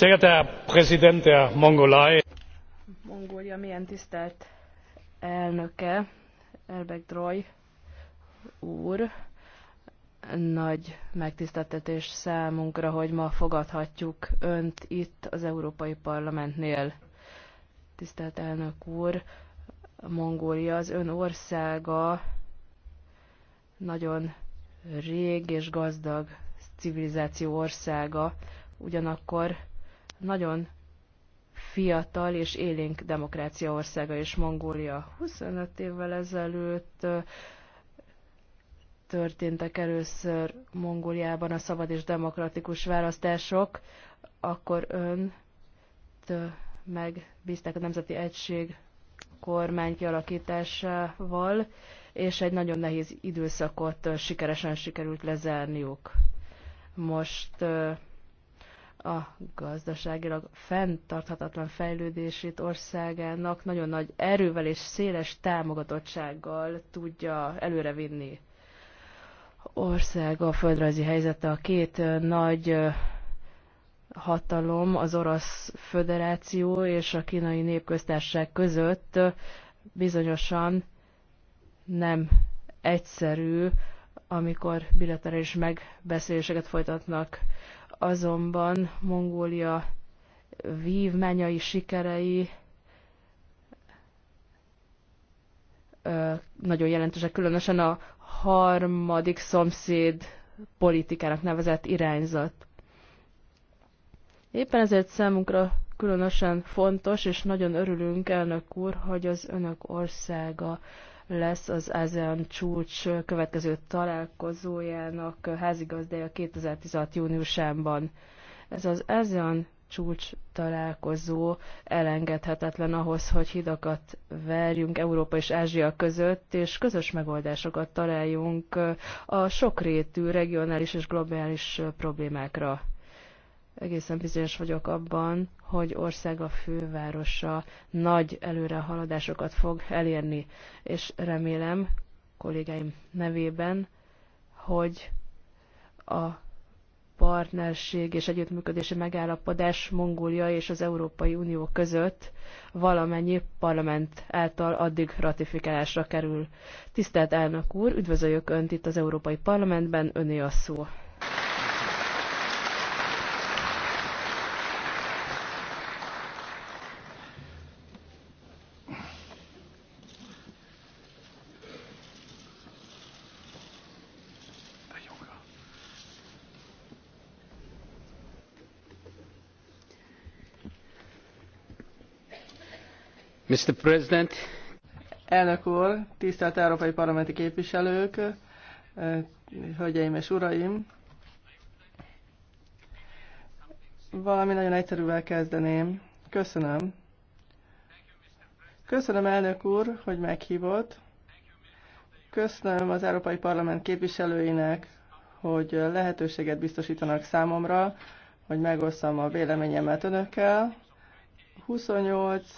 Sehr geehrter Herr Präsident der Mongolei! Mongólia mélyen tisztelt elnöke, Elbek úr. Nagy megtiszteltetés számunkra, hogy ma fogadhatjuk Önt itt az Európai Parlamentnél. Tisztelt elnök úr, Mongólia az Ön országa nagyon rég és gazdag civilizáció országa, ugyanakkor nagyon fiatal és élénk demokrácia országa és Mongólia. 25 évvel ezelőtt történtek először Mongóliában a szabad és demokratikus választások, akkor ön megbízták a Nemzeti Egység kormány kialakításával, és egy nagyon nehéz időszakot sikeresen sikerült lezárniuk. Most a gazdaságilag fenntarthatatlan fejlődését országának nagyon nagy erővel és széles támogatottsággal tudja előrevinni. Ország a földrajzi helyzete a két nagy hatalom, az Orosz Föderáció és a Kínai Népköztársaság között bizonyosan nem egyszerű, amikor bilaterális megbeszéléseket folytatnak azonban Mongólia vívmányai, sikerei nagyon jelentősek, különösen a harmadik szomszéd politikának nevezett irányzat. Éppen ezért számunkra különösen fontos, és nagyon örülünk, elnök úr, hogy az önök országa lesz az ASEAN csúcs következő találkozójának házigazdája 2016. júniusában. Ez az ASEAN csúcs találkozó elengedhetetlen ahhoz, hogy hidakat verjünk Európa és Ázsia között, és közös megoldásokat találjunk a sokrétű regionális és globális problémákra egészen bizonyos vagyok abban, hogy országa fővárosa nagy előrehaladásokat fog elérni, és remélem kollégáim nevében, hogy a partnerség és együttműködési megállapodás Mongólia és az Európai Unió között valamennyi parlament által addig ratifikálásra kerül. Tisztelt elnök úr, üdvözöljük Önt itt az Európai Parlamentben, Öné a szó. Elnök úr, tisztelt európai parlamenti képviselők, hölgyeim és uraim! Valami nagyon egyszerűvel kezdeném. Köszönöm. Köszönöm, elnök úr, hogy meghívott. Köszönöm az Európai Parlament képviselőinek, hogy lehetőséget biztosítanak számomra, hogy megosszam a véleményemet önökkel. 28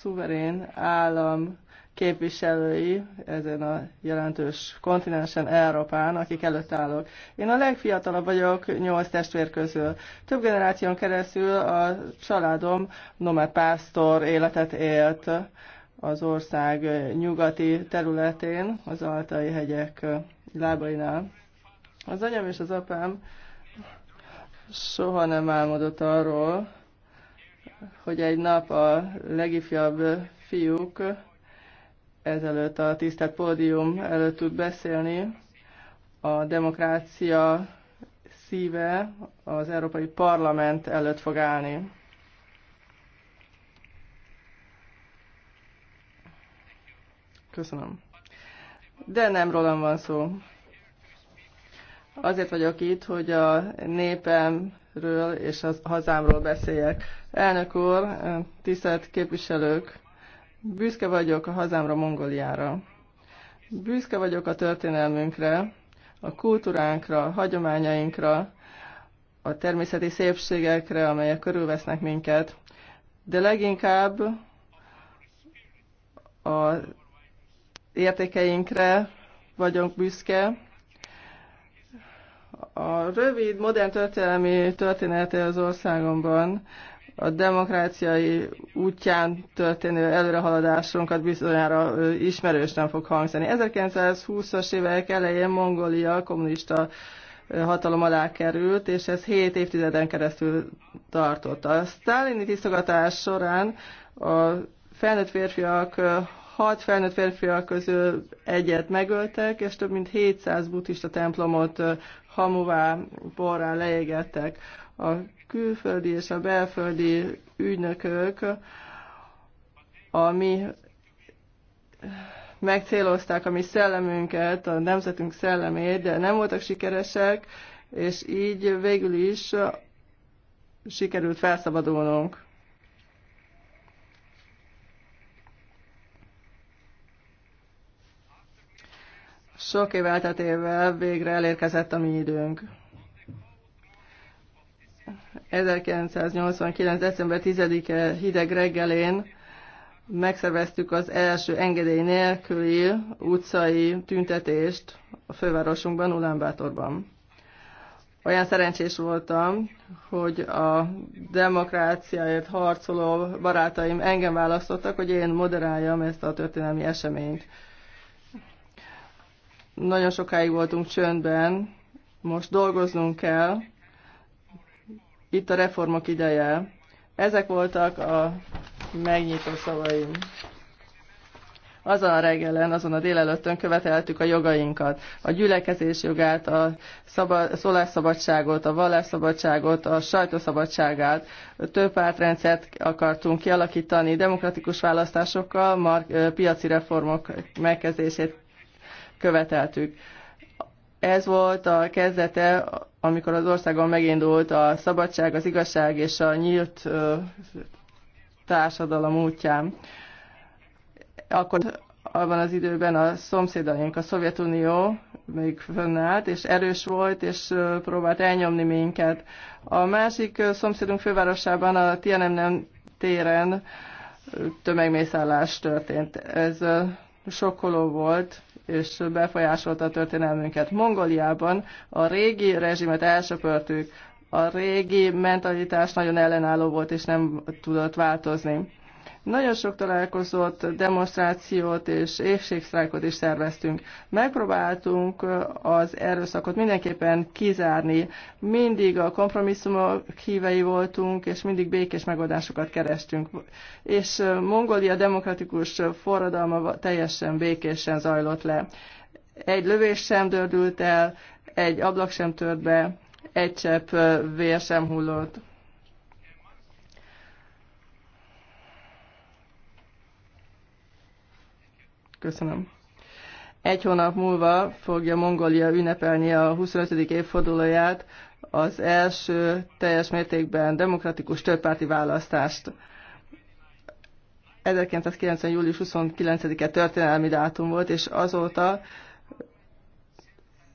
szuverén állam képviselői ezen a jelentős kontinensen, Európán, akik előtt állok. Én a legfiatalabb vagyok nyolc testvér közül. Több generáción keresztül a családom nomád pásztor életet élt az ország nyugati területén, az Altai hegyek lábainál. Az anyám és az apám soha nem álmodott arról, hogy egy nap a legifjabb fiúk ezelőtt a tisztelt pódium előtt tud beszélni. A demokrácia szíve az Európai Parlament előtt fog állni. Köszönöm. De nem rólam van szó. Azért vagyok itt, hogy a népem ről és az hazámról beszéljek. Elnök úr, tisztelt képviselők, büszke vagyok a hazámra, Mongoliára. Büszke vagyok a történelmünkre, a kultúránkra, a hagyományainkra, a természeti szépségekre, amelyek körülvesznek minket, de leginkább a értékeinkre vagyok büszke, a rövid, modern történelmi története az országomban a demokráciai útján történő előrehaladásunkat bizonyára ismerős nem fog hangzani. 1920-as évek elején Mongolia kommunista hatalom alá került, és ez 7 évtizeden keresztül tartott. A sztálini tisztogatás során a felnőtt férfiak, hat felnőtt férfiak közül egyet megöltek, és több mint 700 buddhista templomot hamuvá, borrá leégettek. A külföldi és a belföldi ügynökök, ami megcélozták a mi szellemünket, a nemzetünk szellemét, de nem voltak sikeresek, és így végül is sikerült felszabadulnunk. Sok év elteltével végre elérkezett a mi időnk. 1989. december 10-e hideg reggelén megszerveztük az első engedély nélküli utcai tüntetést a fővárosunkban, Ulánbátorban. Olyan szerencsés voltam, hogy a demokráciáért harcoló barátaim engem választottak, hogy én moderáljam ezt a történelmi eseményt. Nagyon sokáig voltunk csöndben, most dolgoznunk kell. Itt a reformok ideje. Ezek voltak a megnyitó szavaim. Azon a reggelen, azon a délelőttön követeltük a jogainkat. A gyülekezés jogát, a szólásszabadságot, a vallásszabadságot, a sajtószabadságát. Több pártrendszert akartunk kialakítani demokratikus választásokkal, piaci reformok megkezdését követeltük. Ez volt a kezdete, amikor az országon megindult a szabadság, az igazság és a nyílt társadalom útján. Akkor abban az időben a szomszédaink, a Szovjetunió még fönnállt, és erős volt, és próbált elnyomni minket. A másik szomszédunk fővárosában, a Tiananmen téren tömegmészállás történt. Ez sokkoló volt, és befolyásolta a történelmünket. Mongóliában a régi rezsimet elsöpörtük, a régi mentalitás nagyon ellenálló volt, és nem tudott változni. Nagyon sok találkozót, demonstrációt és éhségsztrájkot is szerveztünk. Megpróbáltunk az erőszakot mindenképpen kizárni. Mindig a kompromisszumok hívei voltunk, és mindig békés megoldásokat kerestünk. És Mongolia demokratikus forradalma teljesen békésen zajlott le. Egy lövés sem dördült el, egy ablak sem tört be, egy csepp vér sem hullott Köszönöm. Egy hónap múlva fogja Mongolia ünnepelni a 25. évfordulóját, az első teljes mértékben demokratikus többpárti választást. 1990. július 29-e történelmi dátum volt, és azóta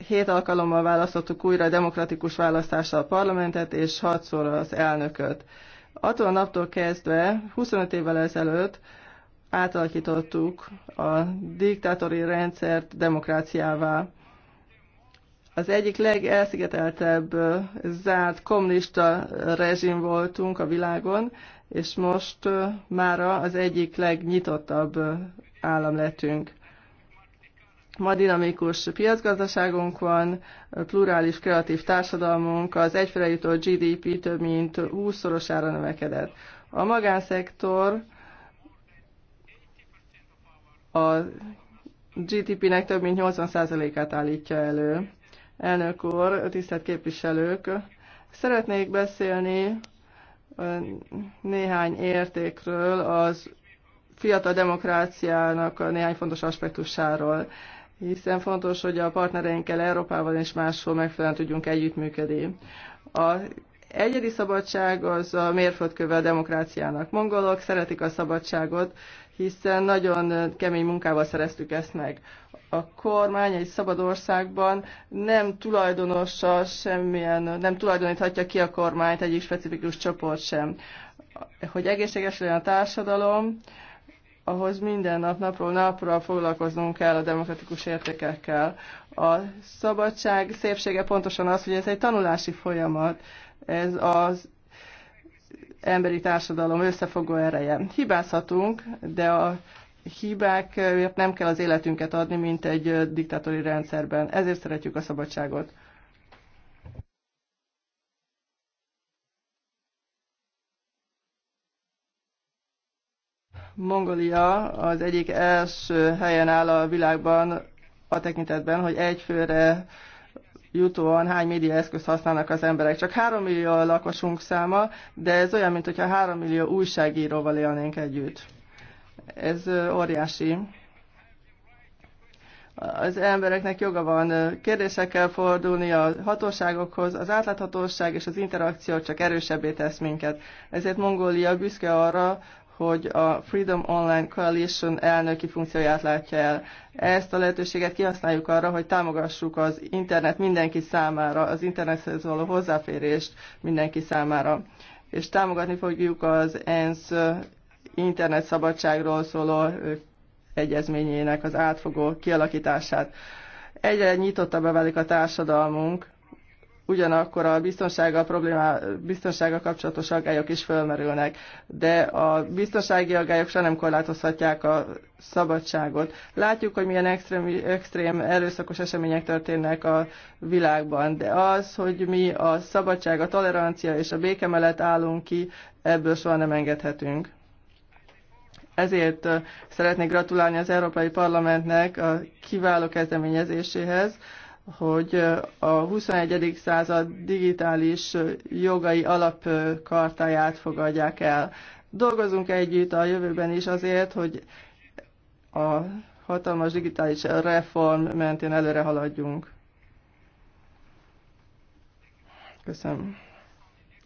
hét alkalommal választottuk újra demokratikus választással a parlamentet, és hatszor az elnököt. Attól a naptól kezdve, 25 évvel ezelőtt átalakítottuk a diktátori rendszert demokráciává. Az egyik legelszigeteltebb, eh, zárt kommunista rezsim voltunk a világon, és most eh, mára az egyik legnyitottabb eh, állam lettünk. Ma dinamikus piacgazdaságunk van, plurális kreatív társadalmunk, az egyfele jutó GDP több mint 20-szorosára növekedett. A magánszektor a GDP-nek több mint 80%-át állítja elő. Elnök úr, tisztelt képviselők, szeretnék beszélni néhány értékről az fiatal demokráciának a néhány fontos aspektusáról, hiszen fontos, hogy a partnereinkkel Európában és máshol megfelelően tudjunk együttműködni. A egyedi szabadság az a mérföldköve a demokráciának. Mongolok szeretik a szabadságot, hiszen nagyon kemény munkával szereztük ezt meg. A kormány egy szabad országban nem tulajdonosa semmilyen, nem tulajdoníthatja ki a kormányt egyik specifikus csoport sem. Hogy egészséges legyen a társadalom, ahhoz minden nap, napról napra foglalkoznunk kell a demokratikus értékekkel. A szabadság szépsége pontosan az, hogy ez egy tanulási folyamat. Ez az emberi társadalom összefogó ereje. Hibázhatunk, de a hibákért nem kell az életünket adni, mint egy diktatóri rendszerben. Ezért szeretjük a szabadságot. Mongolia az egyik első helyen áll a világban a tekintetben, hogy egyfőre jutóan hány médiaeszközt használnak az emberek. Csak 3 millió a lakosunk száma, de ez olyan, mint hogyha 3 millió újságíróval élnénk együtt. Ez óriási. Az embereknek joga van kérdésekkel fordulni a hatóságokhoz, az átláthatóság és az interakció csak erősebbé tesz minket. Ezért Mongólia büszke arra, hogy a Freedom Online Coalition elnöki funkcióját látja el. Ezt a lehetőséget kihasználjuk arra, hogy támogassuk az internet mindenki számára, az internethez való hozzáférést mindenki számára. És támogatni fogjuk az ENSZ internet szabadságról szóló egyezményének az átfogó kialakítását. Egyre nyitottabbá válik a társadalmunk, ugyanakkor a biztonsága problémá, biztonsága kapcsolatos aggályok is fölmerülnek, de a biztonsági aggályok se nem korlátozhatják a szabadságot. Látjuk, hogy milyen extrém, extrém erőszakos események történnek a világban, de az, hogy mi a szabadság, a tolerancia és a béke mellett állunk ki, ebből soha nem engedhetünk. Ezért szeretnék gratulálni az Európai Parlamentnek a kiváló kezdeményezéséhez, hogy a 21. század digitális jogai alapkartáját fogadják el. Dolgozunk együtt a jövőben is azért, hogy a hatalmas digitális reform mentén előre haladjunk. Köszönöm.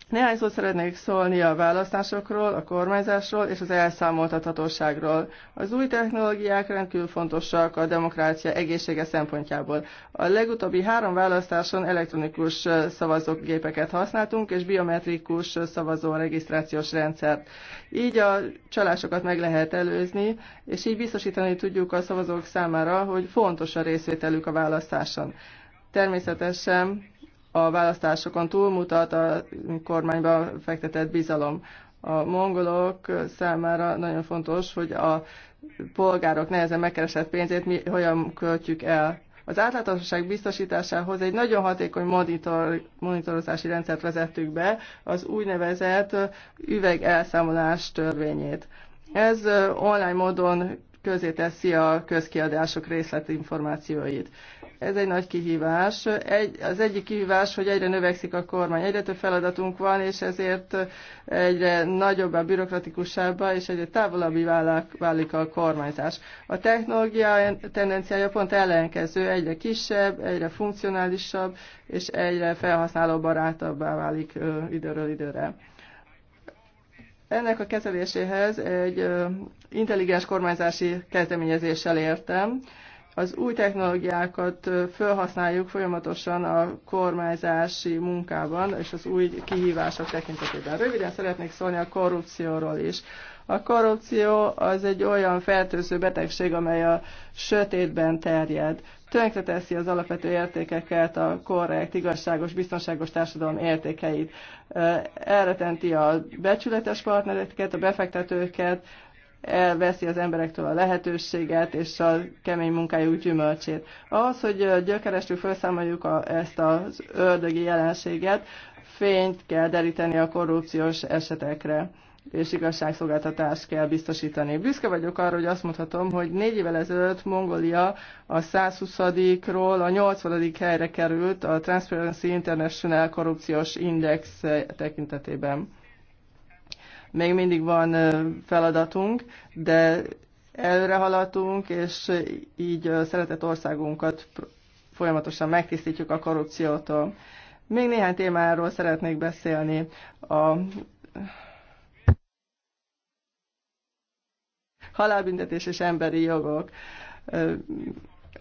Néhány szót szeretnék szólni a választásokról, a kormányzásról és az elszámoltathatóságról. Az új technológiák rendkívül fontosak a demokrácia egészsége szempontjából. A legutóbbi három választáson elektronikus szavazógépeket használtunk, és biometrikus szavazó regisztrációs rendszert. Így a csalásokat meg lehet előzni, és így biztosítani tudjuk a szavazók számára, hogy fontos a részvételük a választáson. Természetesen a választásokon túlmutat a kormányba fektetett bizalom. A mongolok számára nagyon fontos, hogy a polgárok nehezen megkeresett pénzét mi hogyan költjük el. Az átláthatóság biztosításához egy nagyon hatékony monitor, monitorozási rendszert vezettük be, az úgynevezett üvegelszámolás törvényét. Ez online módon közé teszi a közkiadások részletinformációit. Ez egy nagy kihívás. Egy, az egyik kihívás, hogy egyre növekszik a kormány, egyre több feladatunk van, és ezért egyre nagyobbá, bürokratikusabbá és egyre távolabbi válik a kormányzás. A technológia tendenciája pont ellenkező, egyre kisebb, egyre funkcionálisabb, és egyre felhasználóbarátabbá válik időről időre. Ennek a kezeléséhez egy intelligens kormányzási kezdeményezéssel értem. Az új technológiákat felhasználjuk folyamatosan a kormányzási munkában és az új kihívások tekintetében. Röviden szeretnék szólni a korrupcióról is. A korrupció az egy olyan fertőző betegség, amely a sötétben terjed. Tönkreteszi az alapvető értékeket, a korrekt, igazságos, biztonságos társadalom értékeit. Elretenti a becsületes partnereket, a befektetőket, elveszi az emberektől a lehetőséget és a kemény munkájuk gyümölcsét. Ahhoz, hogy gyökerestül felszámoljuk a, ezt az ördögi jelenséget, fényt kell deríteni a korrupciós esetekre és igazságszolgáltatást kell biztosítani. Büszke vagyok arra, hogy azt mondhatom, hogy négy évvel ezelőtt Mongolia a 120-ról a 80. helyre került a Transparency International korrupciós index tekintetében. Még mindig van feladatunk, de előre haladtunk, és így szeretett országunkat folyamatosan megtisztítjuk a korrupciótól. Még néhány témáról szeretnék beszélni. A halálbüntetés és emberi jogok.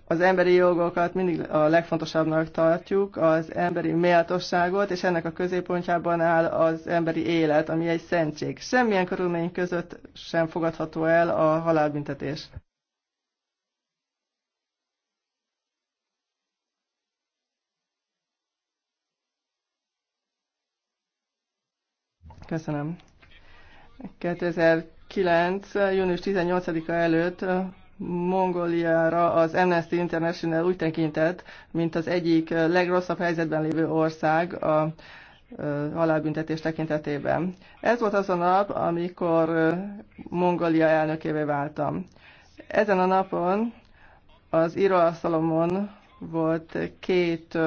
Az emberi jogokat mindig a legfontosabbnak tartjuk, az emberi méltóságot, és ennek a középpontjában áll az emberi élet, ami egy szentség. Semmilyen körülmény között sem fogadható el a halálbüntetés. Köszönöm. 2000 2009. június 18-a előtt Mongóliára az Amnesty International úgy tekintett, mint az egyik legrosszabb helyzetben lévő ország a halálbüntetés tekintetében. Ez volt az a nap, amikor Mongolia elnökévé váltam. Ezen a napon az íróasztalomon volt két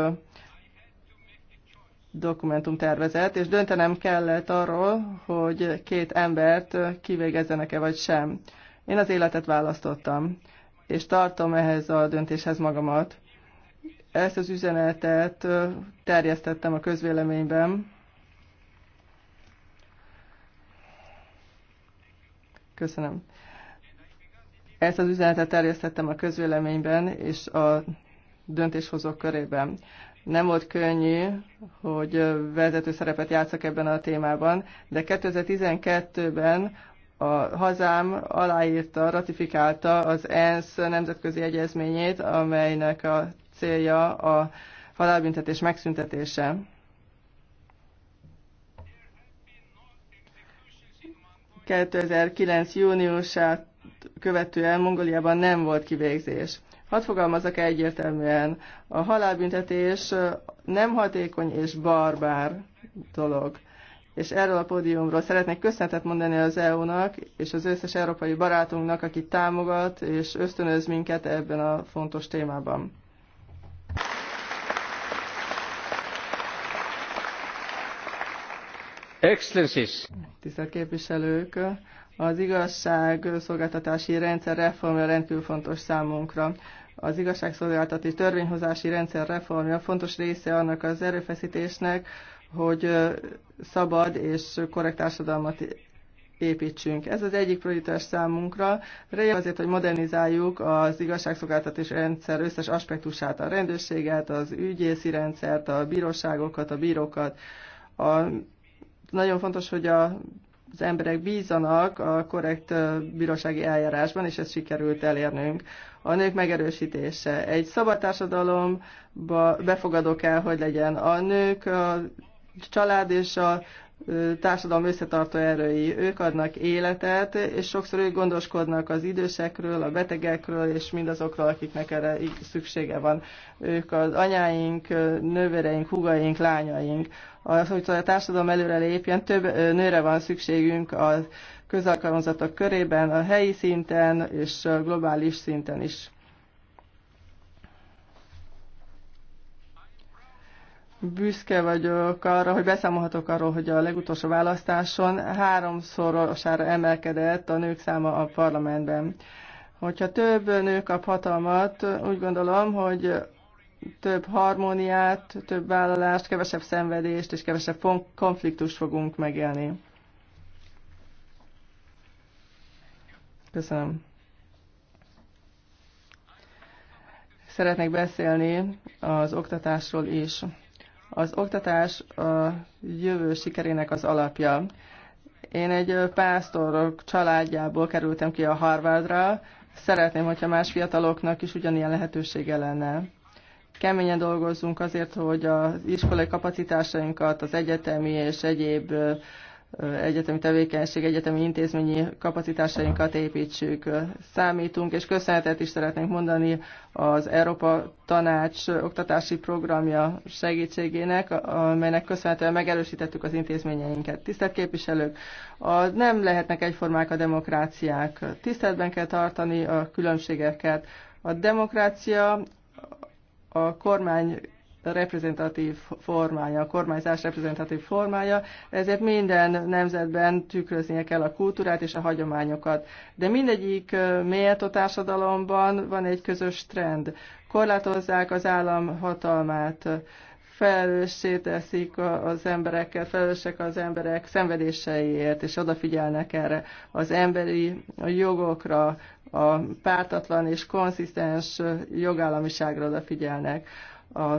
dokumentumtervezet, és döntenem kellett arról, hogy két embert kivégezzenek-e vagy sem. Én az életet választottam, és tartom ehhez a döntéshez magamat. Ezt az üzenetet terjesztettem a közvéleményben. Köszönöm. Ezt az üzenetet terjesztettem a közvéleményben és a döntéshozók körében. Nem volt könnyű, hogy vezető szerepet játszak ebben a témában, de 2012-ben a hazám aláírta, ratifikálta az ENSZ nemzetközi egyezményét, amelynek a célja a halálbüntetés megszüntetése. ...2009. júniusát követően Mongóliában nem volt kivégzés. Hadd fogalmazzak egyértelműen, a halálbüntetés nem hatékony és barbár dolog. És erről a pódiumról szeretnék köszönetet mondani az EU-nak és az összes európai barátunknak, aki támogat és ösztönöz minket ebben a fontos témában. Excellencies. Tisztelt képviselők, az igazságszolgáltatási rendszer reformja rendkívül fontos számunkra. Az igazságszolgáltatási törvényhozási rendszer reformja fontos része annak az erőfeszítésnek, hogy szabad és korrekt társadalmat építsünk. Ez az egyik prioritás számunkra. Rél azért, hogy modernizáljuk az igazságszolgáltatás rendszer összes aspektusát, a rendőrséget, az ügyészi rendszert, a bíróságokat, a bírókat. A, nagyon fontos, hogy a az emberek bízanak a korrekt bírósági eljárásban, és ezt sikerült elérnünk. A nők megerősítése. Egy szabad társadalomba befogadó kell, hogy legyen a nők, a család és a társadalom összetartó erői. Ők adnak életet, és sokszor ők gondoskodnak az idősekről, a betegekről, és mindazokról, akiknek erre szüksége van. Ők az anyáink, nővéreink, hugaink, lányaink. Az, hogy a társadalom előre lépjen, több nőre van szükségünk a közalkalmazatok körében, a helyi szinten és globális szinten is. büszke vagyok arra, hogy beszámolhatok arról, hogy a legutolsó választáson háromszorosára emelkedett a nők száma a parlamentben. Hogyha több nő kap hatalmat, úgy gondolom, hogy több harmóniát, több vállalást, kevesebb szenvedést és kevesebb konfliktust fogunk megélni. Köszönöm. Szeretnék beszélni az oktatásról is. Az oktatás a jövő sikerének az alapja. Én egy pásztorok családjából kerültem ki a Harvardra, szeretném, hogyha más fiataloknak is ugyanilyen lehetősége lenne. Keményen dolgozzunk azért, hogy az iskolai kapacitásainkat, az egyetemi és egyéb egyetemi tevékenység, egyetemi intézményi kapacitásainkat építsük. Számítunk, és köszönetet is szeretnénk mondani az Európa Tanács oktatási programja segítségének, amelynek köszönhetően megerősítettük az intézményeinket. Tisztelt képviselők, a, nem lehetnek egyformák a demokráciák. Tiszteletben kell tartani a különbségeket. A demokrácia a kormány reprezentatív formája, a kormányzás reprezentatív formája, ezért minden nemzetben tükröznie kell a kultúrát és a hagyományokat. De mindegyik méltó társadalomban van egy közös trend. Korlátozzák az állam hatalmát, felelőssé teszik az embereket, felelősek az emberek szenvedéseiért, és odafigyelnek erre az emberi jogokra, a pártatlan és konszisztens jogállamiságra odafigyelnek. A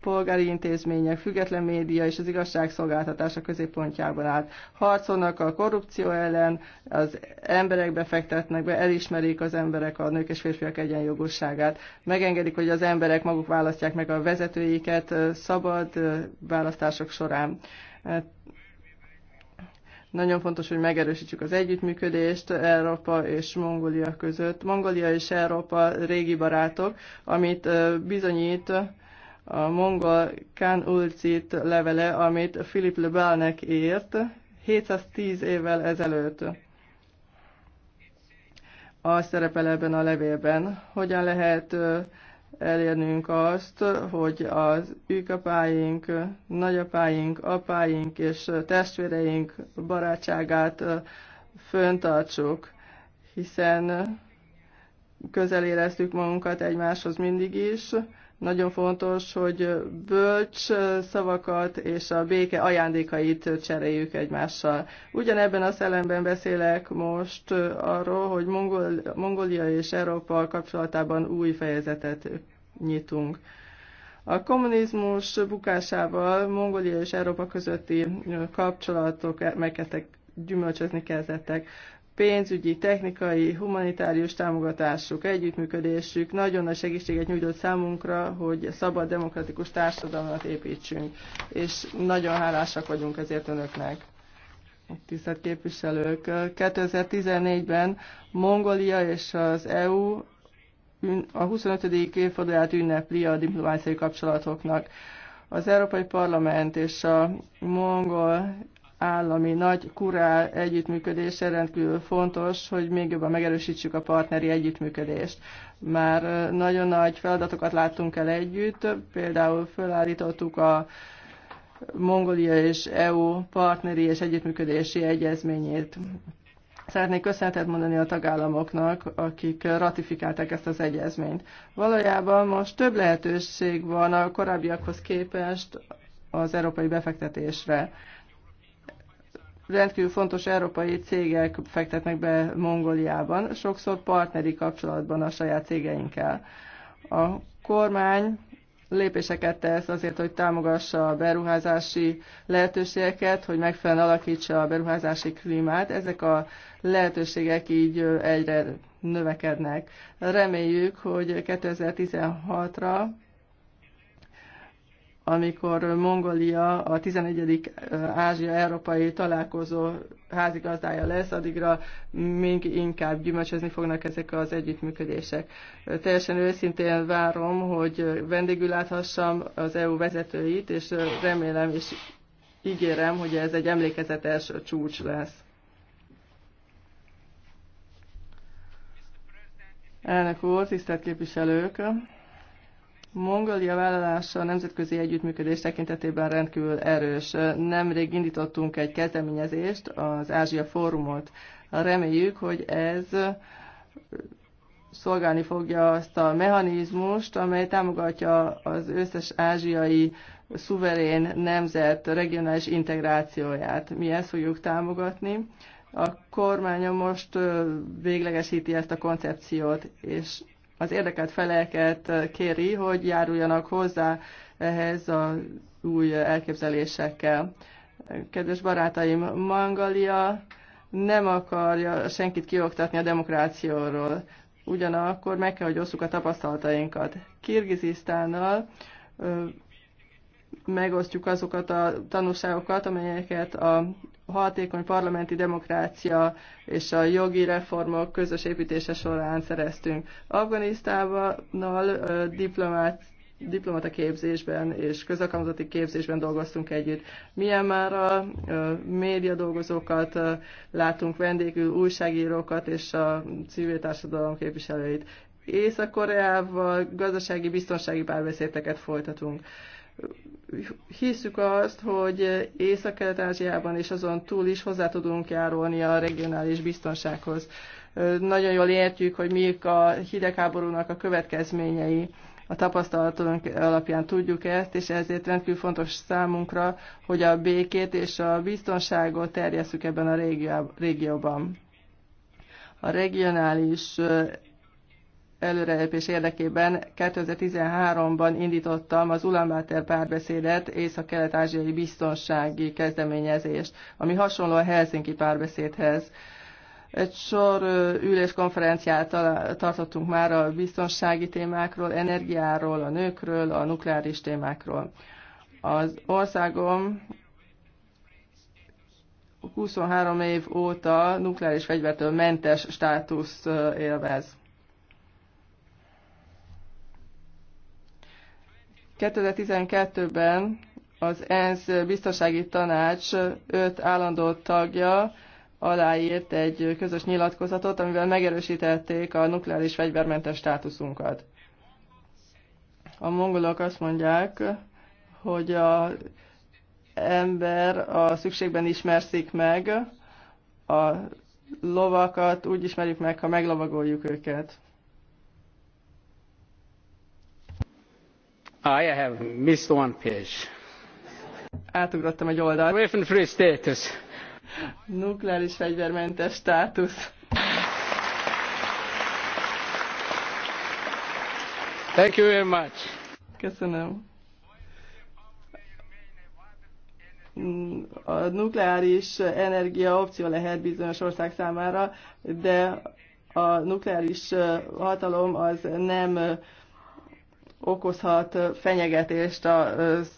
polgári intézmények, független média és az igazságszolgáltatás a középpontjában állt. Harcolnak a korrupció ellen, az emberek befektetnek be, elismerik az emberek a nők és férfiak egyenjogosságát, megengedik, hogy az emberek maguk választják meg a vezetőiket szabad választások során. Nagyon fontos, hogy megerősítsük az együttműködést Európa és Mongolia között. Mongolia és Európa régi barátok, amit bizonyít a mongol Kán Ulcit levele, amit Philip Le Balnek írt 710 évvel ezelőtt. A szerepel ebben a levélben, hogyan lehet elérnünk azt, hogy az őkapáink, nagyapáink, apáink és testvéreink barátságát föntartsuk, hiszen közel éreztük magunkat egymáshoz mindig is, nagyon fontos, hogy bölcs szavakat és a béke ajándékait cseréljük egymással. Ugyanebben a szellemben beszélek most arról, hogy Mongol, Mongolia és Európa kapcsolatában új fejezetet nyitunk. A kommunizmus bukásával Mongolia és Európa közötti kapcsolatok megkezdtek gyümölcsözni kezdettek pénzügyi, technikai, humanitárius támogatásuk, együttműködésük nagyon nagy segítséget nyújtott számunkra, hogy szabad demokratikus társadalmat építsünk, és nagyon hálásak vagyunk ezért önöknek. Tisztelt képviselők, 2014-ben Mongolia és az EU a 25. évfordulát ünnepli a diplomáciai kapcsolatoknak. Az Európai Parlament és a mongol állami nagy kurál együttműködése rendkívül fontos, hogy még jobban megerősítsük a partneri együttműködést. Már nagyon nagy feladatokat láttunk el együtt, például felállítottuk a Mongolia és EU partneri és együttműködési egyezményét. Szeretnék köszönetet mondani a tagállamoknak, akik ratifikálták ezt az egyezményt. Valójában most több lehetőség van a korábbiakhoz képest az európai befektetésre rendkívül fontos európai cégek fektetnek be Mongóliában, sokszor partneri kapcsolatban a saját cégeinkkel. A kormány lépéseket tesz azért, hogy támogassa a beruházási lehetőségeket, hogy megfelelően alakítsa a beruházási klímát. Ezek a lehetőségek így egyre növekednek. Reméljük, hogy 2016-ra amikor Mongolia a 11. Eh, Ázsia-Európai találkozó házigazdája lesz, addigra még inkább gyümölcsözni fognak ezek az együttműködések. Teljesen őszintén várom, hogy vendégül láthassam az EU vezetőit, és remélem és ígérem, hogy ez egy emlékezetes csúcs lesz. Elnök úr, tisztelt képviselők! Mongolia vállalása a nemzetközi együttműködés tekintetében rendkívül erős. Nemrég indítottunk egy kezdeményezést, az Ázsia Fórumot. Reméljük, hogy ez szolgálni fogja azt a mechanizmust, amely támogatja az összes ázsiai szuverén nemzet regionális integrációját. Mi ezt fogjuk támogatni. A kormánya most véglegesíti ezt a koncepciót, és az érdekelt feleket eh, kéri, hogy járuljanak hozzá ehhez a új elképzelésekkel. Kedves barátaim, Mangalia nem akarja senkit kioktatni a demokrációról. Ugyanakkor meg kell, hogy osszuk a tapasztalatainkat. Kirgizisztánnal eh, megosztjuk azokat a tanulságokat, amelyeket a hatékony parlamenti demokrácia és a jogi reformok közös építése során szereztünk. Afganisztánnal diplomát, diplomata képzésben és közakamzati képzésben dolgoztunk együtt. Milyen már a média dolgozókat látunk vendégül, újságírókat és a civil társadalom képviselőit. Észak-Koreával gazdasági, biztonsági párbeszédeket folytatunk hiszük azt, hogy Észak-Kelet-Ázsiában és azon túl is hozzá tudunk járulni a regionális biztonsághoz. Nagyon jól értjük, hogy mik a hidegháborúnak a következményei. A tapasztalatunk alapján tudjuk ezt, és ezért rendkívül fontos számunkra, hogy a békét és a biztonságot terjesszük ebben a régióban. A regionális előrelépés érdekében 2013-ban indítottam az Ulaanbaatar párbeszédet, és a kelet ázsiai biztonsági kezdeményezést, ami hasonló a Helsinki párbeszédhez. Egy sor üléskonferenciát tartottunk már a biztonsági témákról, energiáról, a nőkről, a nukleáris témákról. Az országom 23 év óta nukleáris fegyvertől mentes státusz élvez 2012-ben az ENSZ biztonsági tanács öt állandó tagja aláírt egy közös nyilatkozatot, amivel megerősítették a nukleáris fegyvermentes státuszunkat. A mongolok azt mondják, hogy a ember a szükségben ismerszik meg, a lovakat úgy ismerjük meg, ha meglovagoljuk őket. I have missed one page. Átugrottam egy oldalt. Weapon free status. Nukleáris fegyvermentes státusz. Thank you very much. Köszönöm. A nukleáris energia opció lehet bizonyos ország számára, de a nukleáris hatalom az nem okozhat fenyegetést a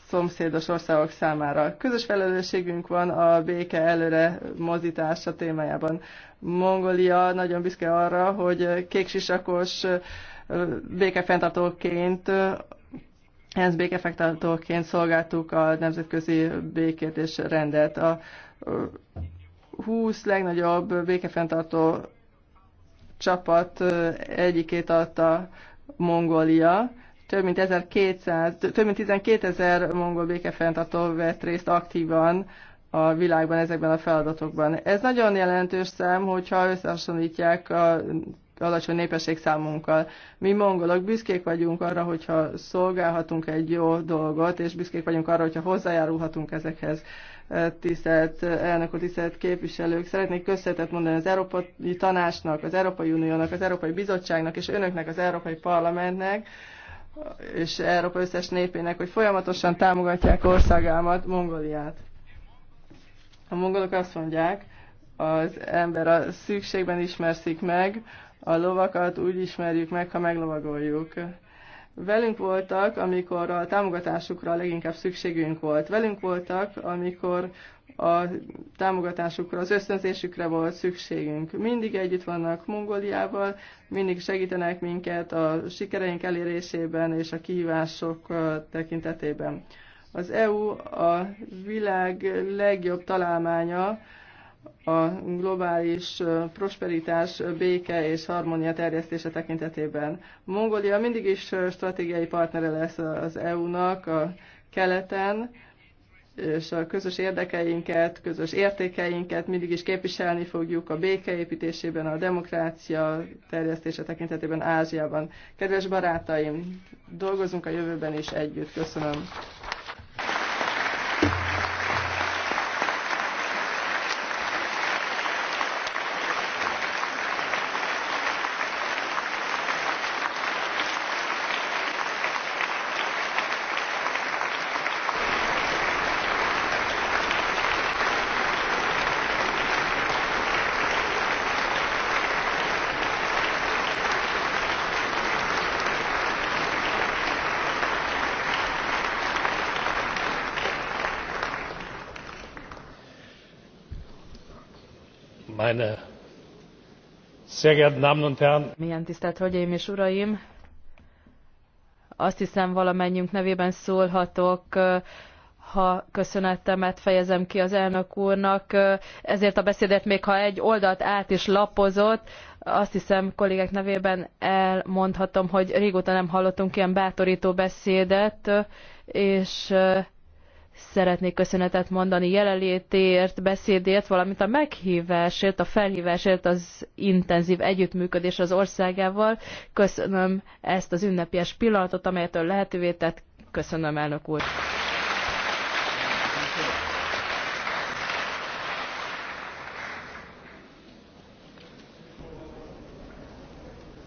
szomszédos országok számára. Közös felelősségünk van a béke előre mozítása témájában. Mongolia nagyon büszke arra, hogy kéksisakos békefenntartóként ez békefenntartóként szolgáltuk a nemzetközi békét és rendet. A 20 legnagyobb békefenntartó csapat egyikét adta Mongolia, több mint 1200, több mint 12 ezer mongol békefenntartó vett részt aktívan a világban ezekben a feladatokban. Ez nagyon jelentős szám, hogyha összehasonlítják a alacsony népesség számunkkal. Mi mongolok büszkék vagyunk arra, hogyha szolgálhatunk egy jó dolgot, és büszkék vagyunk arra, hogyha hozzájárulhatunk ezekhez. Tisztelt elnök tisztelt képviselők, szeretnék köszönetet mondani az Európai Tanácsnak, az Európai Uniónak, az Európai Bizottságnak és önöknek, az Európai Parlamentnek, és Európa összes népének, hogy folyamatosan támogatják országámat, Mongoliát. A mongolok azt mondják, az ember a szükségben ismerszik meg, a lovakat úgy ismerjük meg, ha meglovagoljuk. Velünk voltak, amikor a támogatásukra leginkább szükségünk volt. Velünk voltak, amikor a támogatásukra, az ösztönzésükre volt szükségünk. Mindig együtt vannak Mongóliával, mindig segítenek minket a sikereink elérésében és a kihívások tekintetében. Az EU a világ legjobb találmánya, a globális prosperitás, béke és harmónia terjesztése tekintetében. Mongolia mindig is stratégiai partnere lesz az EU-nak a keleten, és a közös érdekeinket, közös értékeinket mindig is képviselni fogjuk a békeépítésében, a demokrácia terjesztése tekintetében Ázsiában. Kedves barátaim, dolgozunk a jövőben is együtt. Köszönöm. meine sehr geehrten Damen und Herren! Milyen tisztelt Hölgyeim és Uraim! Azt hiszem valamennyünk nevében szólhatok, ha köszönetemet fejezem ki az elnök úrnak. Ezért a beszédet még ha egy oldalt át is lapozott, azt hiszem kollégák nevében elmondhatom, hogy régóta nem hallottunk ilyen bátorító beszédet, és Szeretnék köszönetet mondani jelenlétért, beszédért, valamint a meghívásért, a felhívásért az intenzív együttműködés az országával. Köszönöm ezt az ünnepies pillanatot, amelyet ön lehetővé tett. Köszönöm, elnök úr!